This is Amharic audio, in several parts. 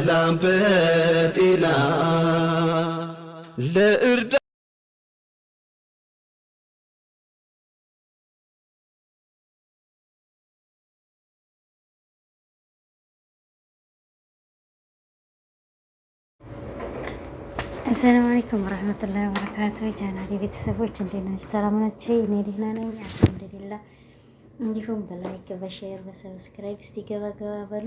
በሰላም በጤና ለእርዳ አሰላሙ አለይኩም ወረህመቱላሂ ወበረካቱ። ቻናሌ ቤተሰቦች እንዴት ናችሁ? ሰላም ናችሁ? እኔ ደህና ነኝ አልሐምዱሊላህ። እንዲሁም በላይክ በሼር በሰብስክራይብ እስቲ ገባ ገባ በሉ።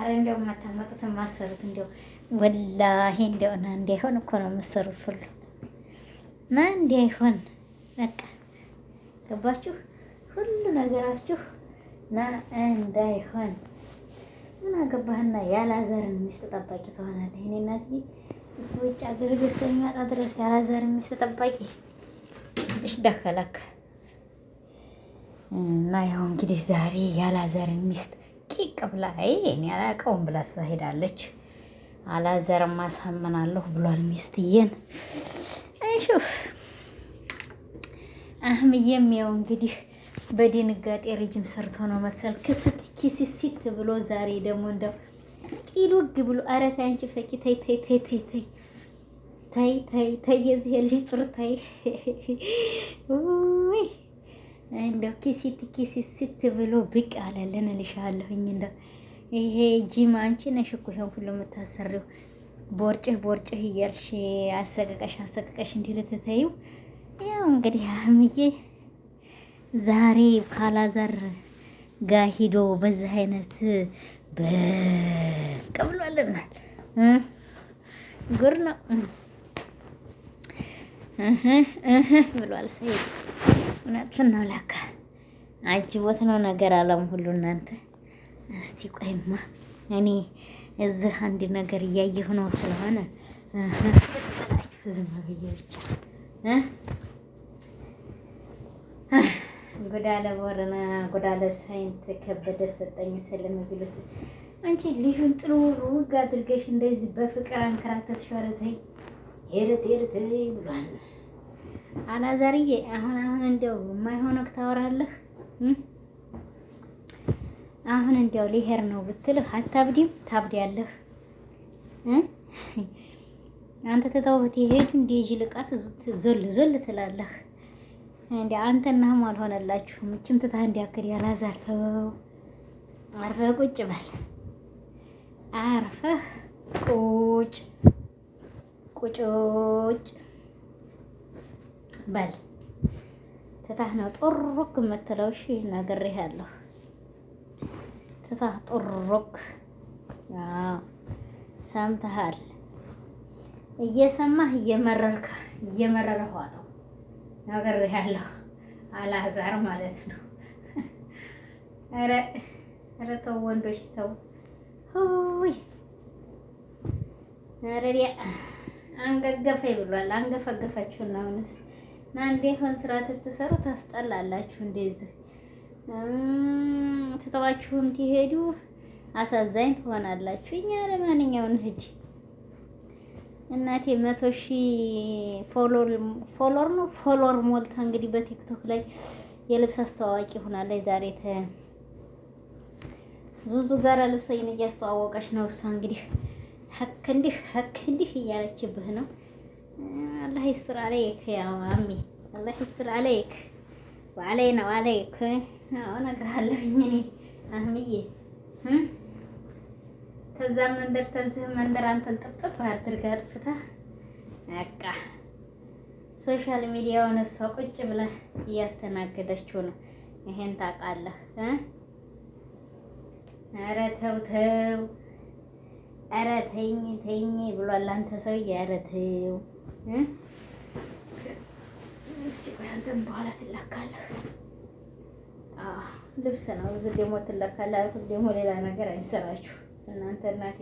አረ እንዲያው የማታመጡት የማሰሩት እንዲያው ወላሂ እንዲያው ና እንዲያይሆን እኮ ነው የምሰሩት ሁሉ ና እንዲያይሆን በቃ ገባችሁ ሁሉ ነገራችሁ ና እንዳይሆን ምን አገባህና ያላዘርን ሚስት ጠባቂ ትሆናለህ። እኔ እናት እሱ ውጭ አገር ገዝቶ ድረስ ያላዘርን ሚስት ጠባቂ እሽ ዳከላከ እና ያው እንግዲህ ዛሬ ያላዘርን ሚስት ጢቅ ብላ እኔ አላውቀውም ብላ ትሄዳለች። ብሏል ሚስትዬን። አይሹፍ አህምዬም ያው እንግዲህ በድንጋጤ ሰርቶ ነው መሰል ክስት ኪስሲት ብሎ ዛሬ ደግሞ እንደው ጢሉግ ብሎ ኧረ ተይ አንቺ ፈቂ ተይ ተይ ተይ ተይ ተይ ተይ ተይ ተይ የዚህ ልጅ ጥሩ ተይ እንደው ኪሲት ኪሲት ስት ብሎ ብቅ አለልን እልሻለሁኝ። እንደው ይሄ ጂማ አንቺ ነሽ እኮ ይሄን ሁሉ የምታሰሪው ቦርጭህ ቦርጭህ እያልሽ አሰቀቀሽ አሰቀቀሽ እንዲህ ልትተይው። ያው እንግዲህ አህምዬ ዛሬ ካላዛር ጋ ሂዶ በዚህ አይነት ብቅ ብሏልናል። ጉር ነው ብሏል ሰይድ እውነቱን ነው ለካ አጅቦት ነው ነገር አለም ሁሉ እናንተ። እስቲ ቆይማ እኔ እዚህ አንድ ነገር እያየሁ ነው ስለሆነ በላችሁ ዝም ብዬ ብቻ ጎዳለ ቦረና ጎዳለ ሳይንት ከበደ ሰጠኝ ሰለም ቢሉት አንቺ ልጁን ጥሩ ውግ አድርገሽ እንደዚህ በፍቅር አንከራተትሽ። ኧረ ተይ ሄረት ብሏል። አላዛርዬ አሁን አሁን እንደው የማይሆን ታወራለህ። አሁን እንደው ሊሄድ ነው ብትልህ አታብዲም? ታብዲያለህ። አንተ ትተው ብትሄዱ እንደ ጅልቃት ዞል ዞል ትላለህ። እንደ አንተናህም አልሆነላችሁም። እችም ትታ እንዲያክል ያላዛር ተው። አርፈህ ቁጭ በል። አርፈህ ቁጭ ቁጭ በል ትታህ ነው ጡሩክ የምትለው። እሺ ነግሬሃለሁ። ትታህ ጡሩክ። ሰምተሃል? እየሰማህ እየመረርከ እየመረረህ ዋጠው። ነግሬሃለሁ። አላዛር ማለት ነው። ኧረ ኧረ ተው ወንዶች ተው። ሁይ ኧረ አንገገፈኝ ብሏል። አንገፈገፋችሁና አሁንስ እና እንዴ ሆን ስራ ትትሰሩ ታስጠላላችሁ። እንደዚህ ትተዋችሁም ትሄዱ አሳዛኝ ትሆናላችሁ። እኛ ለማንኛውም ህድ እናቴ መቶ ሺህ ፎሎር ፎሎር ነው ፎሎር ሞልታ እንግዲህ በቲክቶክ ላይ የልብስ አስተዋዋቂ ሆናለች። ዛሬ ተ ዙዙ ጋር ልብስ እያስተዋወቀች ነው እሷ እንግዲህ ሀክ እንዲህ ሀክ እንዲህ እያለችብህ ነው አላህ ይስጥር አለይክ ያ አሚ አላህ ይስጥር አለይክ ወአለይና ወአለይክ። አዎ እነግርሃለሁ እኔ አህምዬ ከዛ መንደር ተዝህ መንደር አንተን ጥፍጥፍ አድርጋ ጥፍታ በቃ ሶሻል ሚዲያውን እሷ ቁጭ ብላ እያስተናገደችው ነው። ይሄን ታውቃለህ። ኧረ ተው ተው፣ ኧረ ተኝ ተኝ ብሏል አንተ ሰውዬ። ኧረ ተው እስቲ ቆይ አንተም በኋላ ትለካለህ። ልብስ ነው እዚህ ደግሞ ትለካለህ አልኩት። ደግሞ ሌላ ነገር አይሰራችሁ እናንተ እናቴ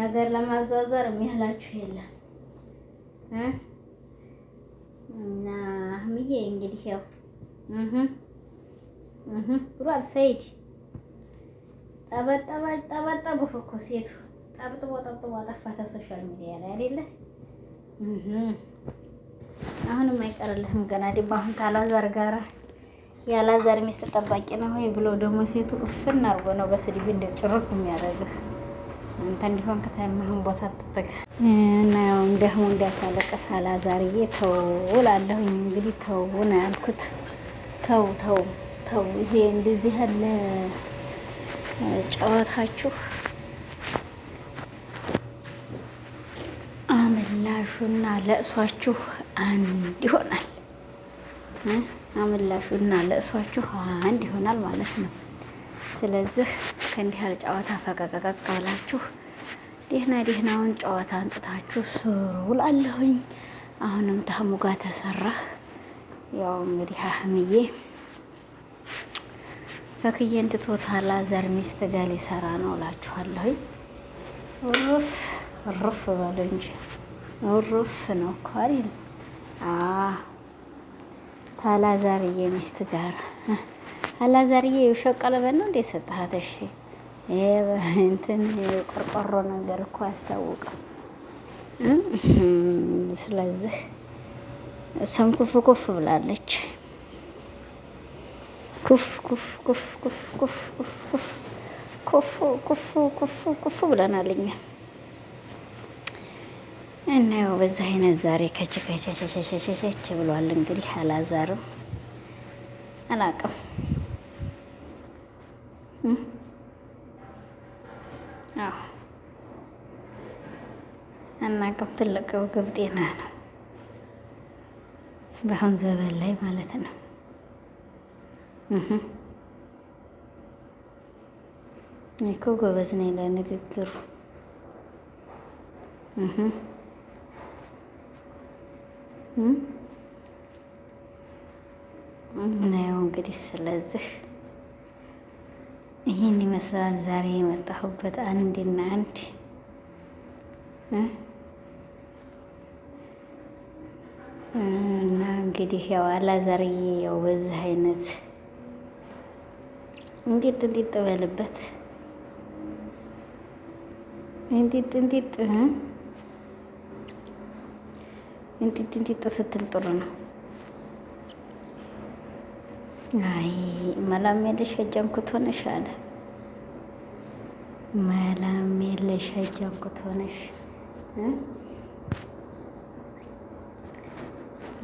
ነገር ለማዟዟር የሚያህላችሁ የለም እና አህምዬ እንግዲህ ያው ብሏል ሰይድ ጠበጠባ ጠበጠቡ እኮ ሴቱ አብጥቦ ጠብጥቦ አጠፋተ ሶሻል ሚዲያ ላይ አይደለ? አሁንም አይቀርልህም ገና ዲባ አሁን ካላዛር ጋራ ያላዛር ሚስት ጠባቂ ነው ወይ ብሎ ደግሞ ሴቱ እፍን አርጎ ነው በስድብ እንደ ጭርፍ የሚያደርግህ አንተ እንዲሆን ከተማህን ቦታ ተጠቀ እና ያው እንደህሙ እንዳታለቀስ አላዛርዬ ተውላለሁ። እንግዲህ ተው ነው ያልኩት። ተው ተው ተው፣ ይሄ እንደዚህ ያለ ጨዋታችሁ አምላሹና ለእሷችሁ አንድ ይሆናል። አምላሹና ለእሷችሁ አንድ ይሆናል ማለት ነው። ስለዚህ ከእንዲህ ያለ ጨዋታ ፈቀቀቀቅ ብላችሁ ደህና ደህናውን ጨዋታ አንጥታችሁ ስሩ ላለሁኝ። አሁንም ታህሙ ጋር ተሰራ። ያው እንግዲህ አህምዬ ፈክዬን ትቶታል። ዘር ሚስት ጋር ሊሰራ ነው እላችኋለሁኝ። ርፍ ርፍ በሉ እንጂ ሩፍ ነው እኮ አይደል? ታላዛርዬ ሚስት ጋር አላዛርዬ የውሸት ቀለበት ነው እንደ ሰጠሃት? እሺ እንትን ቆርቆሮ ነገር እኮ አያስታውቅም። ስለዚህ እሷም ኩፍ ኩፍ ብላለች። ኩፍ ኩፍ ኩፍ ኩፍ ኩፍ ኩፍ ኩፍ ኩፍ ኩፍ ብለናል እኛ እና ያው በዛ አይነት ዛሬ ከችከቸቸቸቸቸች ብሏል። እንግዲህ አላዛርም አላቅም አናቅም ትልቅ ውግብ ጤና ነው በአሁን ዘበን ላይ ማለት ነው። እኮ ጎበዝ ነኝ ለንግግሩ እናየው እንግዲህ። ስለዚህ ይህን ይመስላል ዛሬ የመጣሁበት አንድና አንድ እና እንግዲህ ያው አላዛርዬ ያው በዚህ አይነት እንጢጥ እንጢጥ በልበት እንጢጥ እንጢጥ እንጢጥ እንጢጥ ስትል ጥሩ ነው። አይ መላም የለሽ አጃምኩት ሆነሽ አለ መላም የለሽ አጃምኩት ሆነሽ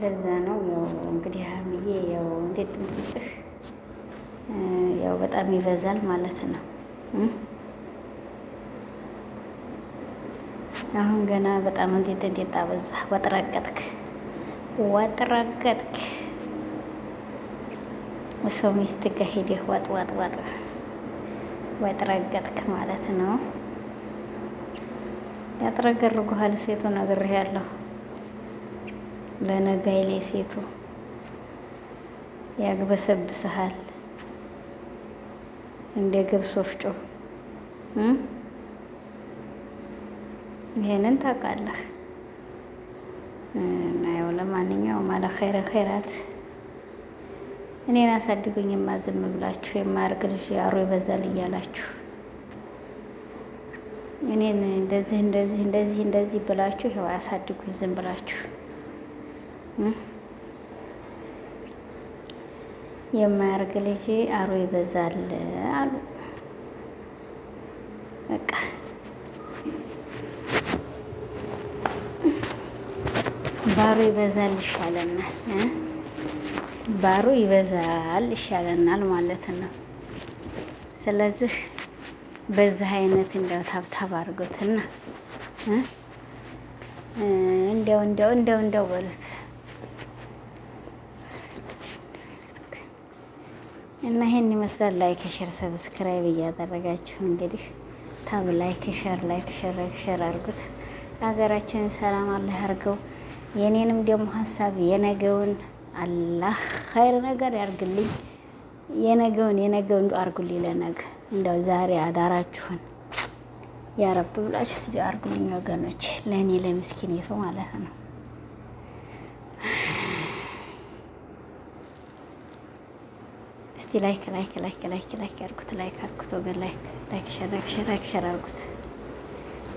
ለዛ ነው ያው እንግዲህ ሀምዬ ያው እንዴት እንጥጥህ ያው በጣም ይበዛል ማለት ነው። አሁን ገና በጣም እንዴት እንዴት አበዛ። ወጥረቀጥክ ወጥረቀጥክ ሰው ሚስት ጋ ሄደህ ወጥ ወጥ ወጥ ወጥረቀጥክ ማለት ነው። ያጥረገርጉሃል ሴቱ ነግሬህ ያለሁ ለነጋይ ላይ ሴቱ ያግበሰብስሃል እንደ ገብስ ወፍጮ ይህንን ታውቃለህ። እና ያው ለማንኛውም አለ ኸይረ ኸይራት እኔን አሳድጉኝ የማዝም ብላችሁ የማርግ ልጅ አሮ ይበዛል እያላችሁ እኔን እንደዚህ እንደዚህ እንደዚህ እንደዚህ ብላችሁ ያው አሳድጉኝ ዝም ብላችሁ የማያርግ ልጅ አሮ ይበዛል አሉ። በቃ ባሮ ይበዛል ይሻለናል፣ ባሮ ይበዛል ይሻለናል ማለት ነው። ስለዚህ በዚህ አይነት እንደው ታብታብ አድርጎትና እንደው እንደው እንደው እንደው በሉት እና ይሄን ይመስላል። ላይክ ሸር፣ ሰብስክራይብ እያደረጋችሁ እንግዲህ ታብ ላይክ ሸር ላይክ ሸር ሸር አድርጉት። ሀገራችንን ሰላም አለ አርገው የኔንም ደግሞ ሀሳብ የነገውን አላህ ኸይር ነገር ያርግልኝ። የነገውን የነገውን እንዱ አርጉልኝ። ለነገ እንደው ዛሬ አዳራችሁን ያረብ ብላችሁ ስ አርጉልኝ ወገኖች፣ ለእኔ ለምስኪን ሰው ማለት ነው። እስቲ ላይክ ላይክ ላይክ ላይክ ላይክ አርጉት፣ ላይክ አርጉት ወገን፣ ላይክ ላይክ ሸር ሸር ሸር አርጉት።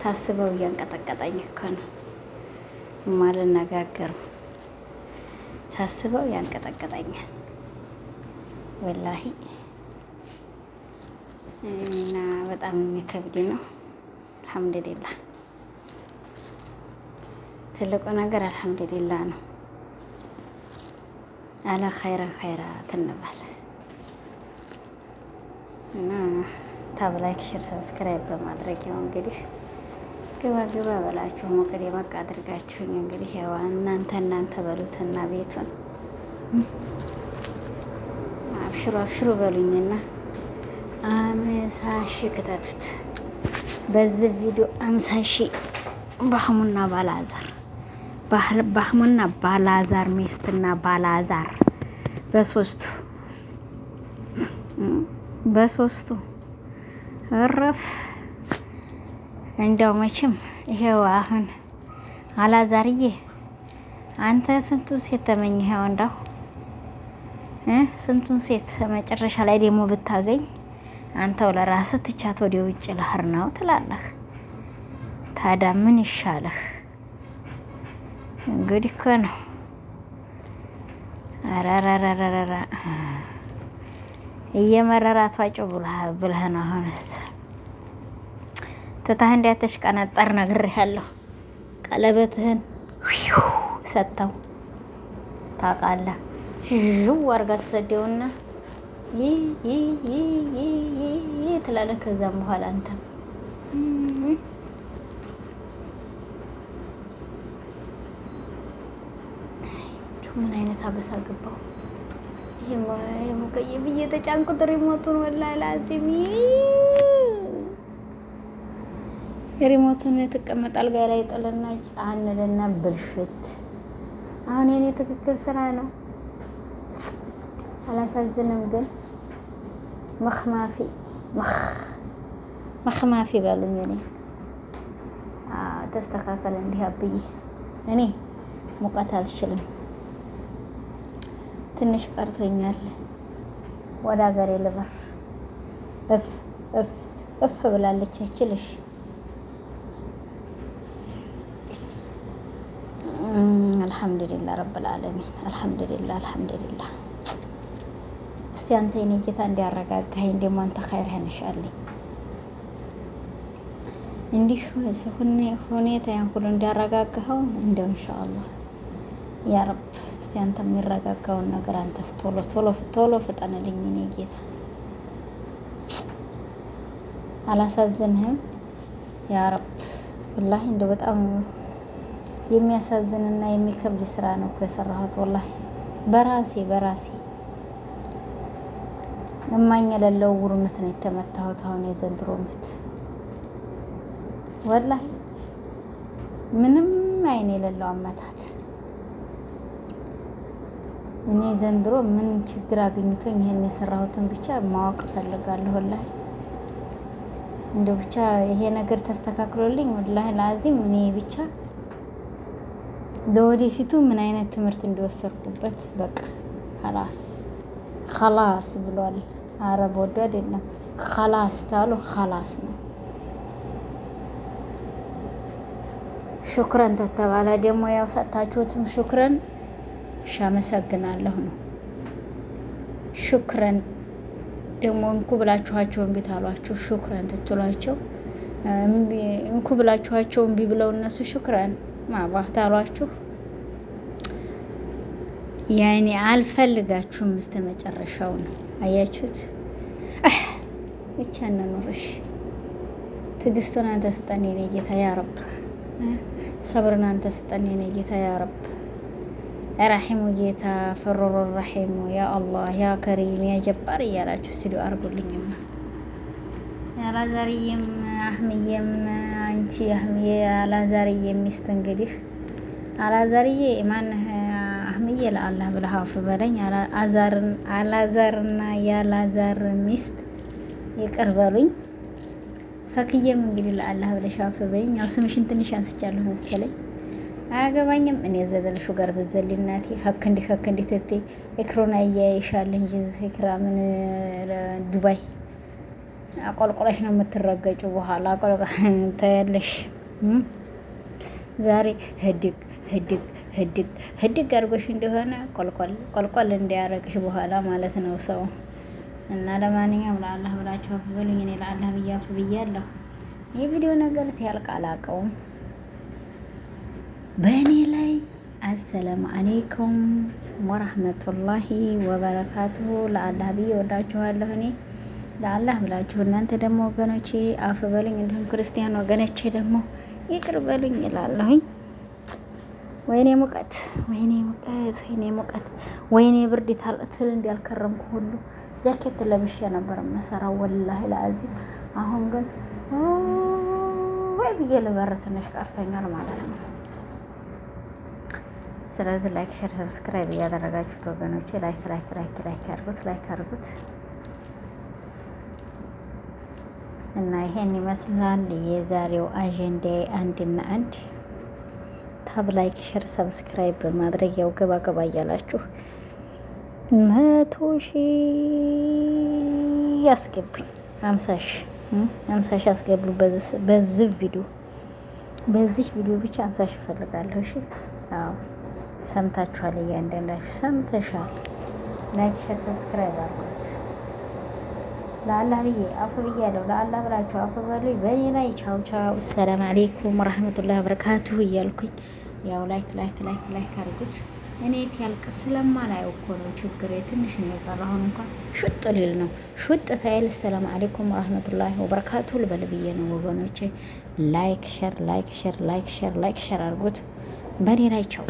ታስበው እያንቀጠቀጠኝ እኮ ነው። አልነጋገርም ሳስበው ያንቀጠቀጠኛል ወላሂ እና በጣም የሚከብድ ነው። አልሐምዱሊላ ትልቁ ነገር አልሐምዱሊላ ነው። አለ ኸይረን ኸይራ ትንባል እና ታብላይክ ሽር፣ ሰብስክራይብ በማድረግ ያው እንግዲህ ግባ ግባ በላችሁ ሞቅድ የመቃ አድርጋችሁኝ እንግዲህ ዋ እናንተ እናንተ በሉትና ቤቱን አብሽሩ አብሽሩ በሉኝና አምሳ ሺ ክተቱት። በዚህ ቪዲዮ አምሳ ሺ ባህሙና ባላዛር ባህሙና ባላዛር ሚስትና ባላዛር በሶስቱ በሶስቱ እረፍ እንደው መቼም ይሄው አሁን አላዛርዬ አንተ ስንቱን ሴት ተመኝ ይሄው እንደው ስንቱን ሴት መጨረሻ ላይ ደግሞ ብታገኝ አንተው ለራስ ትቻት ወደ ውጭ ልህር ነው ትላለህ። ታዲያ ምን ይሻለህ? እንግዲህ እኮ ነው። አራራራራራ እየመረራቷ ብለህ ብልህ ነው አሁንስ ትታህ እንዳትሽቀነጠር ነግሬሃለሁ። ቀለበትህን ሰጥተው ታውቃለህ። ዥው አድርጋ ተሰደውና ይህ ትላለህ። ከዛም በኋላ አንተ ምን አይነት አበሳ ገባው? ይሄ ሙቀይ ብዬ ተጫንቁ ጥሪ ሞቱን ወላ ሪሞቱን ትቀመጥ አልጋ ላይ ጥልና ጫንልና ብልሽት። አሁን የኔ ትክክል ስራ ነው። አላሳዝንም ግን መክማፊ መክማፊ በሉኝ። እኔ ተስተካከል። እንዲህ አብዬ እኔ ሙቀት አልችልም፣ ትንሽ ቀርቶኛል። ወደ ሀገሬ ልበር እፍ እፍ እፍ ብላለች አይችልሽ አልሐምዱሊላ ረብል ዓለሚን አልሐምዱሊላ አልሐምዱሊላ። እስቲ አንተ የኔ ጌታ እንዲያረጋጋኝ ደግሞ አንተ ኸይር ያንሻልኝ እንዲህ ሁኔታ ያን ሁሉ እንዲያረጋግኸው እንደው ኢንሻአላህ ያ ረብ እስቲ አንተ የሚረጋጋውን ነገር አንተ ቶሎ ቶሎ ቶሎ ፍጠንልኝ እኔ ጌታ። አላሳዝንህም ያ ረብ ወላሂ እንደው በጣም የሚያሳዝንና የሚከብድ ስራ ነው እኮ የሰራሁት። ወላሂ በራሴ በራሴ እማኝ የሌለው ውር ነው የተመታሁት። አሁን የዘንድሮ ምት ወላሂ ምንም አይን የሌለው አመታት። እኔ ዘንድሮ ምን ችግር አግኝቶኝ ይሄን የሰራሁትን ብቻ ማወቅ እፈልጋለሁ። ወላሂ እንደ ብቻ ይሄ ነገር ተስተካክሎልኝ ወላሂ ላዚም እኔ ብቻ ለወደፊቱ ምን አይነት ትምህርት እንደወሰድኩበት በቃ ከላስ ከላስ ብሏል። አረብ ወዶ አይደለም ከላስ ታሉ ከላስ ነው። ሹክረን ተተባለ ደግሞ ያው ሰጥታችሁትም ሹክረን ሻመሰግናለሁ ነው። ሹክረን ደግሞ እንኩ ብላችኋቸው እምቢ ታሏችሁ ሹክረን ትትሏቸው እንኩ ብላችኋቸው እምቢ ብለው እነሱ ሹክረን ማባታሏችሁ ያኔ አልፈልጋችሁም እስከ መጨረሻው ነው። አያችሁት? ብቻ እንኑርሽ። ትዕግስቱን አንተ ስጠን የኔ ጌታ ያረብ፣ ሰብርን አንተ ስጠን የኔ ጌታ ያረብ ራሒሙ ጌታ ፈሮሮ ራሒሙ ያ አላህ ያ ከሪም ያ ጀባር እያላችሁ ስቱዲዮ አርጉልኝማ። አላዛርዬም አህምዬም አንቺ አህምዬ አላዛርዬ ሚስት እንግዲህ አላዛርዬ ማነህ አህምዬ ለአላህ ብለህ አፍ በለኝ። አላዛርና የአላዛር ሚስት ይቅር በሉኝ። ፈክዬም እንግዲህ ለአላህ ብለሽ አፍ በይኝ። ያው ስምሽን ትንሽ አንስቻለሁ መሰለኝ። አያገባኝም እኔ ዘለልሹ ጋር ብዘል እናቴ ሀክ እንዲህ ሀክ እንዲህ ትቴ ኤክሮና እያይሻል እንጂ ኤክራምን ዱባይ አቆልቆለሽ ነው የምትረገጩ። በኋላ ታያለሽ። ዛሬ ህድግ ህድግ ህድግ ህድግ አድርጎሽ እንደሆነ ቆልቆል ቆልቆል እንዲያረግሽ በኋላ ማለት ነው ሰው እና ለማንኛውም ለአላህ ብላችሁ አፍ በሉኝ። እኔ ለአላህ ብያፍ ብያለሁ። የቪዲዮ ነገር ሲያልቅ አላውቀውም በእኔ ላይ አሰላሙ አሌይኩም ወረህመቱላሂ ወበረካቱሁ። ለአላህ ብዬ ወዳችኋለሁ እኔ ለአላህ ብላችሁ እናንተ ደግሞ ወገኖቼ አፍ በሉኝ፣ እንዲሁም ክርስቲያን ወገኖቼ ደግሞ ይቅር በሉኝ ይላለሁኝ። ወይኔ ሙቀት፣ ወይኔ ሙቀት፣ ወይኔ ሙቀት፣ ወይኔ ብርድ ታልትል እንዲያልከረምኩ ሁሉ ጃኬት ለብሼ ነበር መሰራው ወላሂ ለአዚም። አሁን ግን ወይ ብዬ ልበር ትንሽ ቀርቶኛል ማለት ነው። ስለዚህ ላይክ፣ ሼር፣ ሰብስክራይብ እያደረጋችሁት ወገኖቼ ላይክ ላይክ ላይክ ላይክ አድርጉት፣ ላይክ አድርጉት። እና ይሄን ይመስላል የዛሬው አጀንዳ አንድና አንድ ታብ፣ ላይክ፣ ሸር፣ ሰብስክራይብ በማድረግ ያው ገባ ገባ እያላችሁ መቶ ሺ አስገቡኝ፣ አምሳ ሺ አምሳ ሺ አስገቡ። በዚህ ቪዲዮ በዚህ ቪዲዮ ብቻ አምሳ ሺ እፈልጋለሁ። እሺ፣ አዎ ሰምታችኋል። እያንዳንዳችሁ ሰምተሻል። ላይክ፣ ሸር፣ ሰብስክራይብ አድርጉ። ለአላህ ብዬ አፉ ብያለሁ። ለአላህ ብላችሁ አፉ በሉኝ። በእኔ ላይ ቻው ቻው። ሰላም አሌይኩም ረህመቱላህ በረካቱ እያልኩኝ ያው ላይክ ላይክ ላይክ ላይክ አድርጉት። እኔ ያልቅ ስለማላየው እኮ ነው ችግር። ትንሽ ነው የቀረሁን እንኳን ሹጥ ሊል ነው ሹጥ ታይል። ሰላም አሌይኩም ረህመቱላህ ወበረካቱ ልበል ብዬ ነው ወገኖቼ። ላይክ ሸር ላይክ ሸር ላይክ ሸር ላይክ ሸር አድርጉት። በእኔ ላይ ቻው።